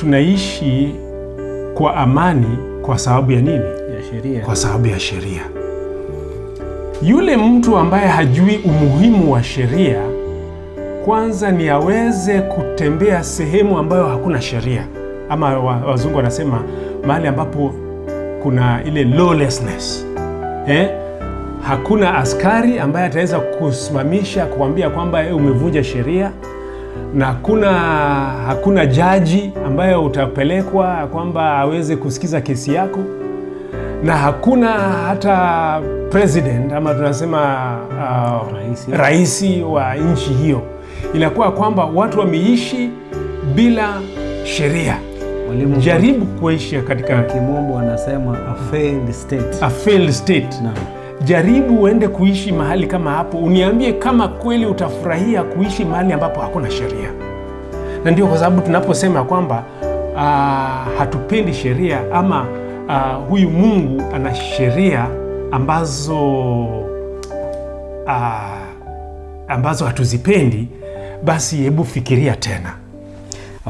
tunaishi kwa amani kwa sababu ya nini? Ya sheria. Kwa sababu ya sheria. Yule mtu ambaye hajui umuhimu wa sheria, kwanza ni aweze kutembea sehemu ambayo hakuna sheria, ama wazungu wanasema mahali ambapo kuna ile lawlessness eh? Hakuna askari ambaye ataweza kusimamisha kuambia kwamba eh, umevunja sheria na hakuna hakuna jaji ambayo utapelekwa kwamba aweze kusikiza kesi yako, na hakuna hata president ama tunasema uh, raisi, raisi wa nchi hiyo. Inakuwa kwamba watu wameishi bila sheria. Mwalimu, jaribu kuishi katika kimombo anasema a failed state, a failed state. Naam. Jaribu uende kuishi mahali kama hapo, uniambie kama kweli utafurahia kuishi mahali ambapo hakuna sheria. Na ndio kwa sababu tunaposema kwamba uh, hatupendi sheria ama uh, huyu Mungu ana sheria ambazo uh, ambazo hatuzipendi, basi hebu fikiria tena.